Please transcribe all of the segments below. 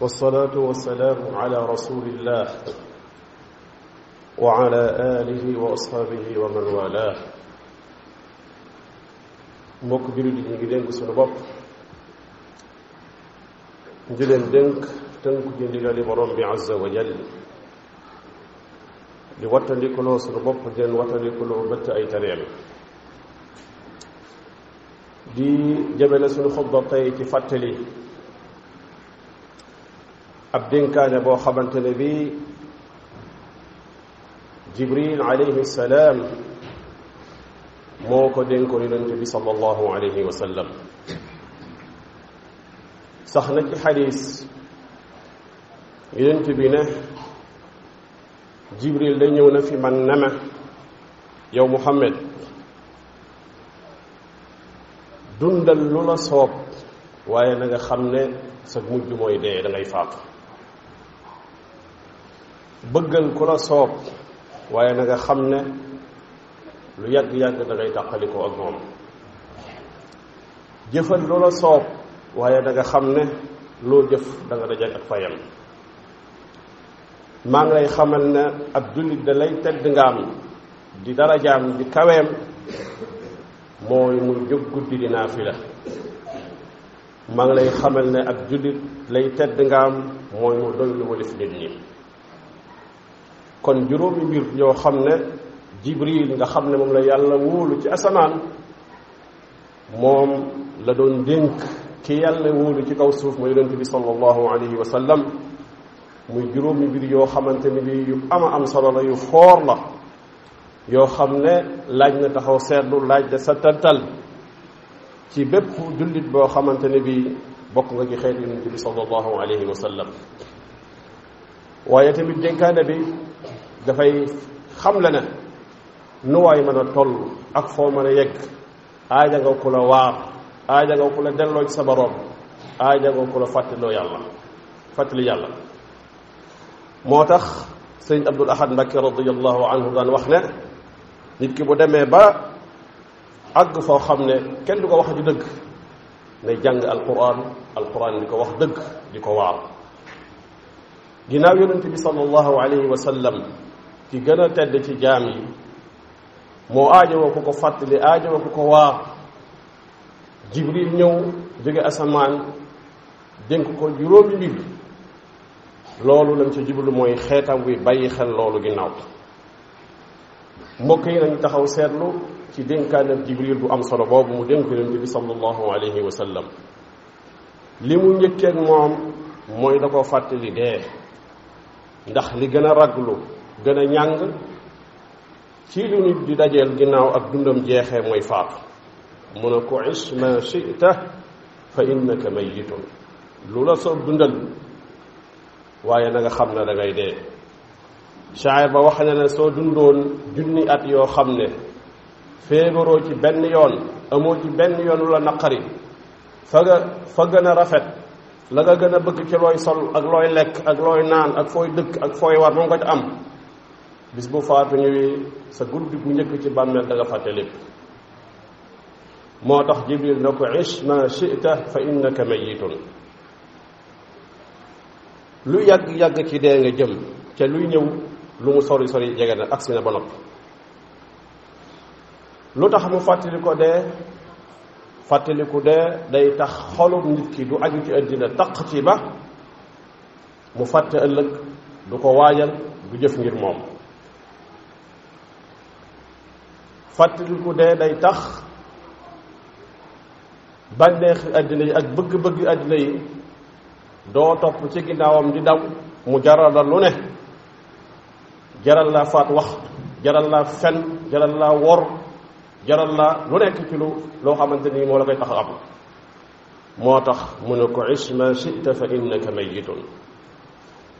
والصلاة والسلام على رسول الله وعلى آله وأصحابه ومن والاه mbokk biru di ñu ngi dénk suñu bopp di leen dénk tënku ci ndigali borom bi azza wa jal di wattandikuloo suñu bopp di leen wattandikuloo bëtt ay tareem di jëmale suñu xutba tey ci fàttali ab dénkaane boo xamante ne bii jibril alayhi salaam moo ko dénkoon yonente bi sallallahu alayhi wa sallam sax na ci xadis yonente bi ne jibril da ñëw na fi man nama yow muhammad dundal lu la soob waaye na nga xam ne sa mujj mooy dee da ngay bëggal ku la soob waaye nanga xam ne lu yàgg-yàgg da ngay tàqalikoo ak moom jëfal lu la soob waaye da xam ne loo jëf da dajal ak fayam maa ngi lay xamal ne ab jullit da lay tedd ngaam di darajaam di kaweem mooy muy jóg guddi di naafila maa ngi lay xamal ne ak jullit lay tedd ngaam mooy mu doylu walif nit ñi kon juróomi mbir yoo xam ne jibril nga xam ne moom la yàlla wóolu ci asamaan moom la doon dénk ki yàlla wóolu ci kaw suuf ma yonent bi sallallahu alayhi wa sallam muy juróomi mbir yoo xamante ne bi yu ama am solo la yu foor la yoo xam ne laaj nga taxaw seetlu laaj da sa tantal ci bépp jullit boo xamante ne bi bokk nga ci xeet yonent bi sallallahu alayhi wa sallam waaye tamit dénkaane bi dafay xam la ne nu waay mën a toll ak foo mën a yegg aaja nga ku la waar aaja nga ku la delloo ci sa boroom aaja nga ku la fàttaloo yàlla fàttali yàlla moo tax sëñ Abdul Ahad Mbakke radiallahu anhu daan wax ne nit ki bu demee ba àgg foo xam ne kenn du ko wax ju dëgg ne jàng alquran alquran di ko wax dëgg di ko waar ginnaaw yonente bi sallallahu alayhi wa sallam ci gën a tedd ci jaam yi moo aajowoo ku ko fàttali aajowoo ku ko waa jibril ñëw jóge asamaan dénk ko juróomi mbir loolu lañ ci jublu mooy xeetam wi bàyyi xel loolu ginnaaw mbokk yi lañ taxaw seetlu ci dénkaanam jibril bu am solo boobu mu dénk yonent bi sallallahu alayhi wa sallam li mu njëkkeeg moom mooy da ko fàttali dee ndax li gën a raglu gën a njàng ci lu nit di dajeel ginnaaw ak dundam jeexee mooy faatu mu ne ko is ma chita fa innaka mayitun lu la soo dundal waaye nanga xam ne da ngay dee shaayir ba wax na soo dundoon junni at yoo xam ne feebaroo ci benn yoon amoo ci benn yoon lu la naqari fa fa gën a rafet la nga gën a bëgg ci looy sol ak looy lekk ak looy naan ak fooy dëkk ak fooy war moom nga ca am bis bu faatu ñëwee sa guddi gu njëkk ci bàmmeel da fàtte lépp moo tax jibril na ko ish ma chita fa innaka mayitun lu yàgg-yàgg ci dee nga jëm te luy ñëw lu mu sori sori jege na agsi na ba noppi lu tax mu fàttali ko dee ku dee day tax xolum nit ki du aju ci àddina taq ci ba mu fàtte ëllëg du ko waajal du jëf ngir moom fàttaliku dee day tax bànneexi àddina yi ak bëgg-bëgg àddina yi doo topp ci ginnaawam di daw mu jaral la lu ne jaral laa faat wax jaral laa fen jaral laa wor jaral laa lu nekk ci lu loo xamante ni moo la koy tax a am moo tax mu ne ko ish ma shi'ta fa innaka mayyitun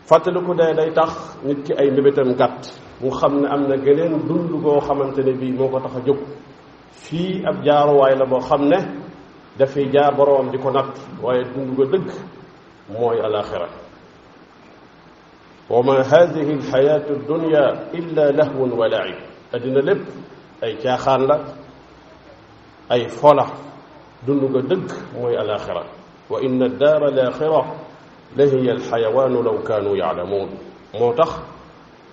fàttaliku dee day tax nit ki ay mbébétam gàtt mu xam ne am na geneen dund goo xamante ne bii moo ko tax a jóg fii ab jaaruwaay la boo xam ne dafay jaar boroomam di ko natt waaye dund ga dëgg mooy alaxira wa ma hadihi alxayatu dunya illa lahwun wa laib addina lépp ay caaxaan la ay fola dund ga dëgg mooy alaxira wa inna daara alaxira la hiya alxayawaanu law kaanu yaalamuun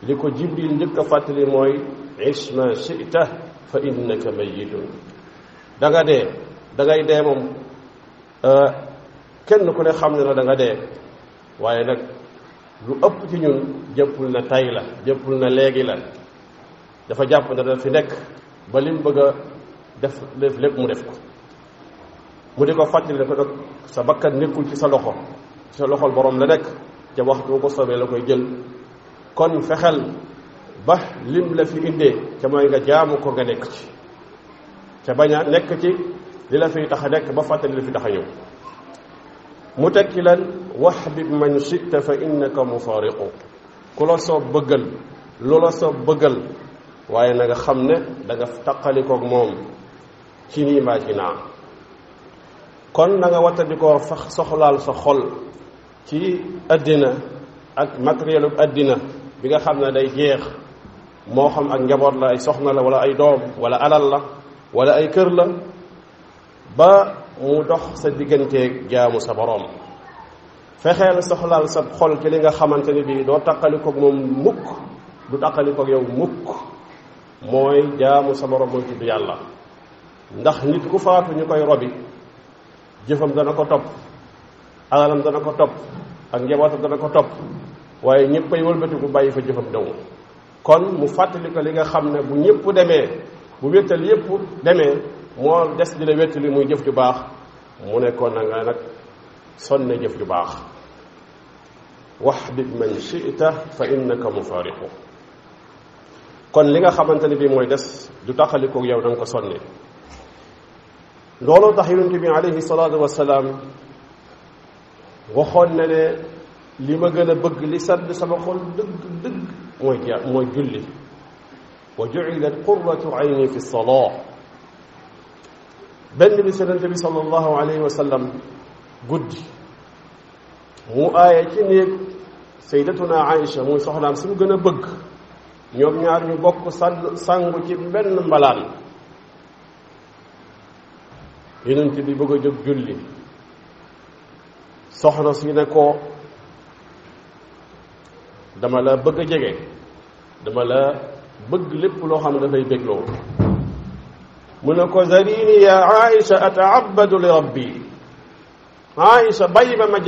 li ko jibril njëkk fàttali mooy isma sita fa innaka mayitun da nga dee da ngay dee moom euh, kenn ku ne xam ne na da dee waaye nag lu ëpp ci ñun jëppul na tay la jëppul na léegi la dafa jàpp ne da fi nekk ba lim bëgg a def def lépp mu def ko mu di ko fàttali ne ko nag sa bakkat nekkul ci sa loxo ci sa loxol borom la nekk ca waxtu ko soobee la koy jël kon fexeel ba lim la fi indee ca mooy nga jaamu ko nga nekk ci ca bañ a nekk ci li la fiy tax a nekk ba fàttali la fi tax a ñëw mu tekki lan wax bi man chita fa mu mufariqu ku la soo bëggal lu la soo bëggal waaye na nga xam ne da nga taqalikoog moom ci nii mbaa ci naa kon nanga nga wattandikoo fax soxlaal sa xol ci àddina ak matérielu àddina bi nga xam ne day jeex moo xam ak njaboot la ay soxna la wala ay doom wala alal la wala ay kër la ba mu dox sa digganteeg jaamu sa boroom fexeel soxlaal sa xol ci li nga xamante ne bii doo taqalikoog moom mukk du taqalikoog yow mukk mooy jaamu sa boroom mooy tudd yàlla ndax nit ku faatu ñu koy robi jëfam dana ko topp alalam dana ko topp ak njabootam dana ko topp waaye ñëppay wëlbatiku bàyyi fa jëfam dong kon mu fàttali ko li nga xam ne bu ñëpp demee bu wéttal yëpp demee moo des di la wéttali muy jëf ju baax mu ne kon na nag sonne jëf ju baax wahdid man shi'ta fa innaka mufariqu kon li nga xamante ne bii mooy des du taxalikoo yow da nga ko sonne looloo tax yonente bi alayhi salaatu wasalaam waxoon na ne li ma gën a bëgg li sedd sama xol dëgg dëgg mooy ja mooy julli wa ju'ilat qurratu ayni fi salaa benn bi senante bi sallallahu alayhi wa sallam guddi mu aaye ci néeg sayyidatuna Aïcha muy soxnaam su mu gën a bëgg ñoom ñaar ñu bokk sàng sangu ci benn mbalaan yonent bi bëgg a jóg julli soxna si ne ko dama la bëgg a jege dama la bëgg lépp loo xam ne dafay bégloo mu ne ko zarini ya aïcha ataabadu li rabbi aïcha bàyyi ba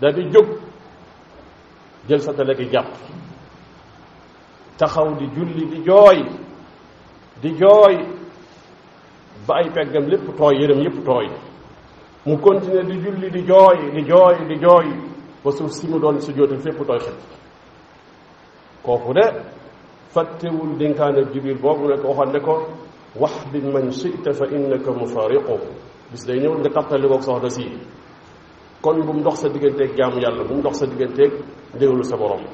di jël sa tale ki jàpp taxaw di julli di jooy di jooy ba ay peggam lépp tooy yërëm yépp tooy mu continuer di julli di jooy di jooy di jooy ba suuf si mu doon si jootal fépp tooy xet kooku de fàttewul dénkaane jibril boobu ne ko waxoon ne ko wax bi man chita fa innaka mufariqu bis day ñëw nga tattali koog soxna si kon bu mu dox sa digganteeg jaamu yàlla bu mu dox sa digganteeg déglu sa borom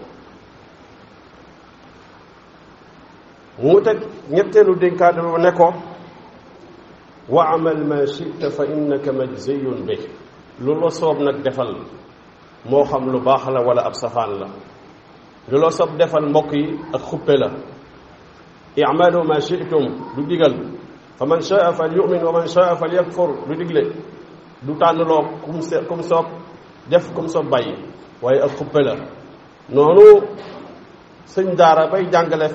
mu teg ñetteelu dénkaane ba ne ko wa amal ma chita fa innaka majziyun bi lu la soob nag defal moo xam lu baax la wala ab safaan la lu la soob defal mbokk yi ak xuppe la i'malu ma chitum du digal fa man chaa fal yumin wa man chaa fal yakfur du digle du tànnloo kum se kum soob def kum soob bàyyi waaye ak xuppe la noonu sëñ daara bay jàngale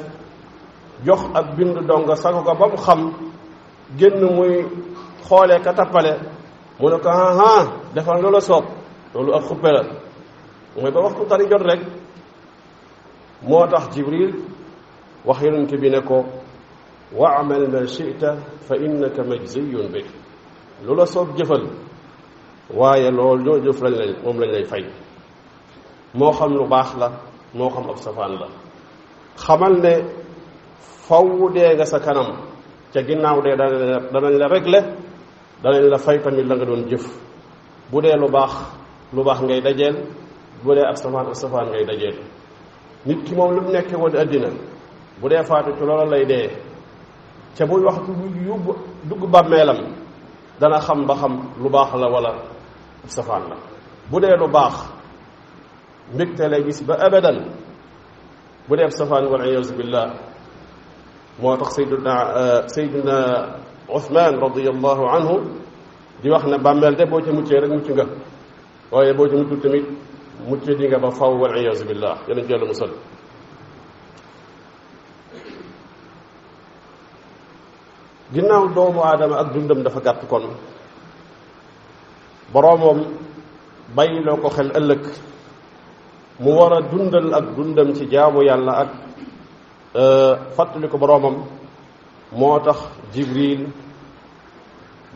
jox ab bind donga sago ko ba mu xam génn muy xoolee ka tappale mu ne ko ah, ah defal loola soob loolu ak xuppe la mooy ba waxtu tari jot rek moo tax jibril wax yonent bi ne ko waamal ma chita fa innaka majziyun bi lu la soob jëfal waaye loolu ñoo jëf lañ lay moom lañ fay moo xam lu baax la moo xam ab safaan la xamal ne faw dee nga sa kanam ca ginnaaw dee danañ la réglé danañ la fay tamit la nga doon jëf bu dee lu baax lu baax ngay dajeel bu dee ab safaan ab safaan ngay dajeel nit ki moom lu nekkee woon àddina bu dee faatu ci loola lay dee ca buy waxtu bu yóbbu dugg bàmmeelam dana xam ba xam lu baax la wala ab safaan la bu dee lu baax te lay gis ba abadan bu dee ab safaan wala iyaasu billah moo tax sayduna euh, sayduna Usmaan radiallahu anhu di wax ne bàmmeel de boo ca muccee rek mucc nga waaye boo ca muccul tamit mucc wal iyaazu billah yenañ ginnaaw doomu aadama ak dundam dafa gàtt kon boroomoom bàyyiloo ko xel ëllëg mu war a dundal ak dundam ci jaamu yàlla ak Euh, fàttali ko boroomam moo tax jibril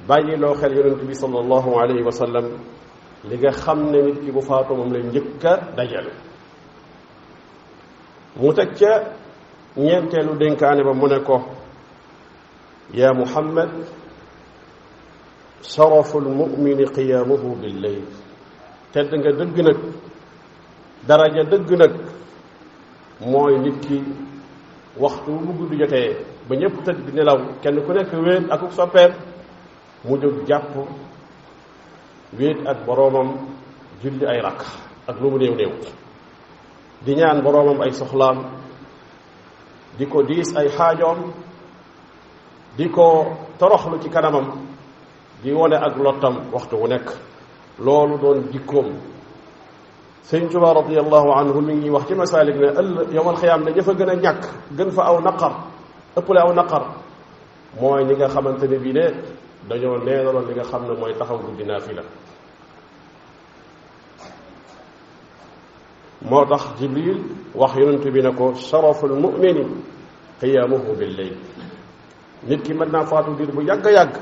bàyyiloo xel yonent bi sallallahu alayhi wa li ga xam ne nit ki bu faatu moom la njëkk a mu teg ca ñeenteelu dénkaane ba mu ne ko yaa muhammad sharafu lmumini qiyaamuhu billeyl tedd nga dëgg nag daraja dëgg nag mooy nit ki waxtu bu guddi jotee ba ñëpp tëdd di nelaw kenn ku nekk wéet ak soppeem mu jóg jàpp wéet ak boroomam julli ay rakk ak lu mu néew néew di ñaan boroomam ay soxlaam di ko diis ay xaajoom di ko toroxlu ci kanamam di wone ak lottam waxtu wu nekk loolu doon jikkoom sëñ Tuubaa radiyallahu anhu mi ngi wax ci masaalik ne ëll yowmal xiyaam ne ñëfa gën a ñàkk gën fa aw naqar ëppale aw naqar mooy ñi nga xamante ne bii de dañoo neeraloon li nga xam ne mooy taxaw guddi naafila moo tax jibril wax yonent bi ne ko sharaful mu'mini qiyaamuhu billayl nit ki mën naa faatu diir bu yàgg a yàgg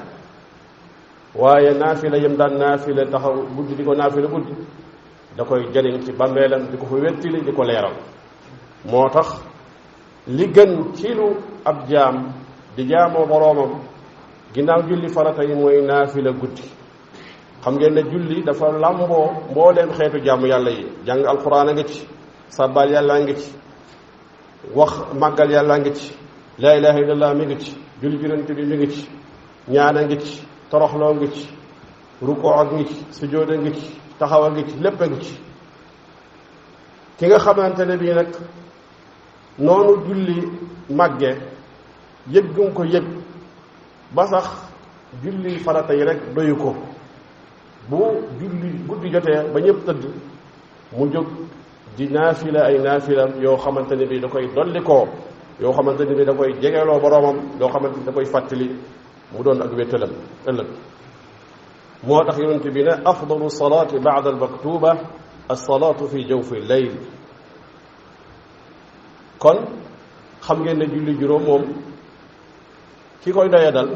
waaye naafila yem daan naafila taxaw guddi di ko naafila guddi da koy jëriñ ci bàmmeelam di ko fa wettili di ko leeral moo tax li gën ci lu ab jaam di jaamoo boroomam ginnaaw julli farata yi mooy naafila guddi xam ngeen ne julli dafa làmboo mbooleem xeetu jaamu yàlla yi jàng alxuraan a ngi ci sàbbaal yàllaa ngi ci wax màggal yàllaa ngi ci laa ilaha illallah mi ngi ci julli jurante bi mi ngi ci ñaan ngi ci toroxloo ngi ci rukoo ak ngi ci sujjóot ngi ci taxawal ngi ci lépp a ngi ci ki nga xamante ne bii nag noonu julli màgge yëg gum ko yëg ba sax julli farata yi rek doyu ko bu julli guddi jotee ba ñëpp tëdd mu jóg di naafila ay naafilam yoo xamante ne bii da koy dolli koo yoo xamante ne bii da koy jegeeloo boroomam yoo xamante ni da koy fàttali mu doon ak wéttalam ëllëg moo tax yonent bi ne afdalu salaati baada almaktuba alsalaatu fi jawfi leyl kon xam ngeen ne julli juróom moom ki koy doya dal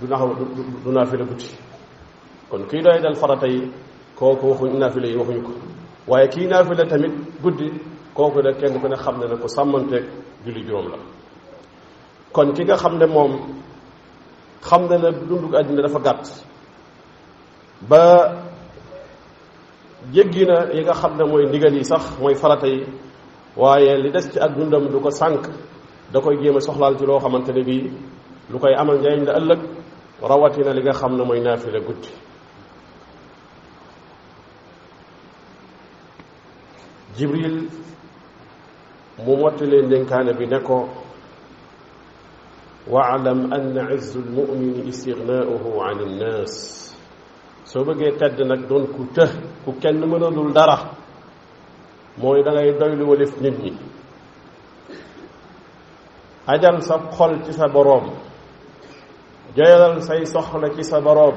du naxaw du guddi kon kii doya dal farata yi kooku waxuñ naafila yi waxuñ ko waaye kii naafila tamit guddi kooku nag kenn ku ne xam ne ne ko sàmmanteeg julli juróom la kon ki nga xam ne moom xam ne ne dundug àddina dafa gàtt ba jéggi na yi nga xam ne mooy ndigal yi sax mooy farata yi waaye li des ci ak dundam du ko sànq da koy jéem a soxlaal ci loo xamante ne bii lu koy amal njariñ la ëllëg rawatina li nga xam ne mooy naafila guddi jibril mu motti leen dénkaane bi ne ko waalam ann izzu lmumini istignaauhu an innaas soo bëggee tedd nag doon ku të ku kenn mënalul dara mooy dangay ngay doylu walif nit ñi ajal sa xol ci sa boroom joyalal say soxla ci sa boroom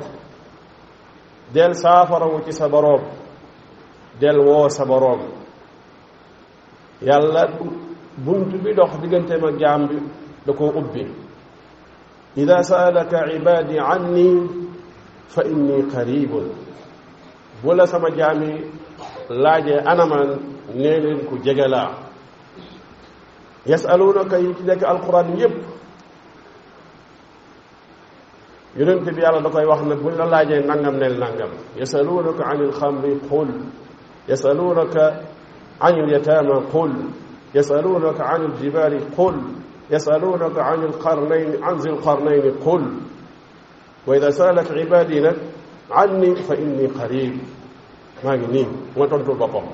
del saafarawu ci sa boroom del woo sa boroom yàlla bunt bi dox digganteem ak jaam bi da koo ubbi ida saalaka ibaadi anni fa inni qaribun bu la sama jaami laajee anaman nee leen ku jege laa yasaluunaka yi ci nekk alquran yépp yonent bi yàlla da koy wax nag buñ la laajee nangam neel nangam yasaluunaka an ilxamri qul yasaluunaka an ilyataama qul yasaluunaka an iljibaali qul يسألونك عن القرنين عن ذي القرنين قل وإذا سألك عبادي nag anni fa inni qarib maa ngi nii mooy tontul boppam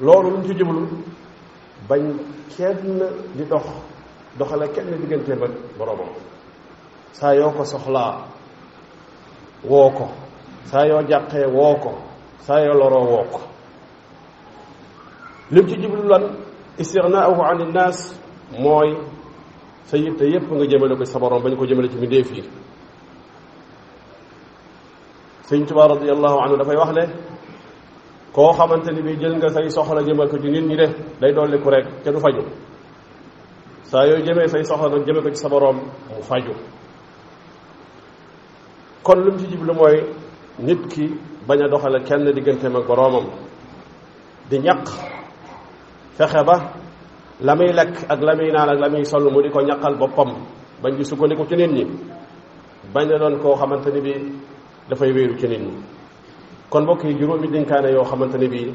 loolu lu ñu ci jublu bañ kenn di dox doxale ko soxlaa woo ko saa yoo jàqee mooy sa yitte yépp nga jëmale ko sa borom bañ ko jëmale ci mbindeef yi sëñ Tuubaa radiyallahu anhu dafay wax ne koo xamante ni bii jël nga say soxla jëmal ko ci nit ñi de day dolli ku rek te du faju saa yooyu jëmee say soxla nag jëme ko ci sa borom mu faju kon lu mu ci jublu mooy nit ki bañ a doxale kenn digganteem ak boroomam di ñaq fexe ba la muy lekk ak la muy naan ak la muy sol mu di ko ñaqal boppam bañ di sukkandiku ci nit ñi bañ na doon koo xamante ni bi dafay wéeru ci nit ñi kon mbokk yi juróomi dénkaane yoo xamante ni bi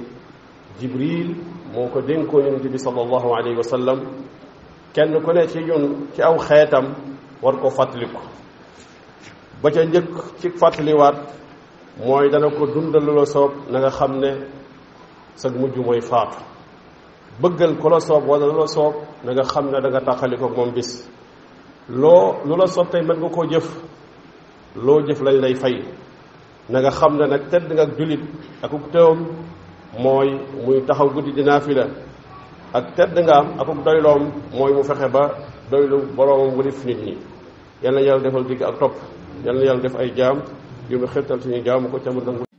jibril moo ko dénkoo yonente bi sallallahu alayhi wa sallam kenn ku ne ci ñun ci aw xeetam war koo fàttaliku ba ca njëkk ci fàttaliwaat mooy dana ko dundal lu la soob na xam ne sag mujj mooy faatu bëggal ku la soob wala lu la soob na nga xam ne da nga tàqali ko moom bis loo lu la soob tey mën nga koo jëf loo jëf lañ lay fay na nga xam ne nag tedd nga ak jullit akuk teewam mooy muy taxaw guddi di naafila ak tedd nga am akuk doyloom mooy mu fexe ba doylu boroomam wu def nit ñi yal na yàlla defal digg ak topp yal na yàlla def ay jaam yu mu xirtal suñu jaamu ko ca mu nangu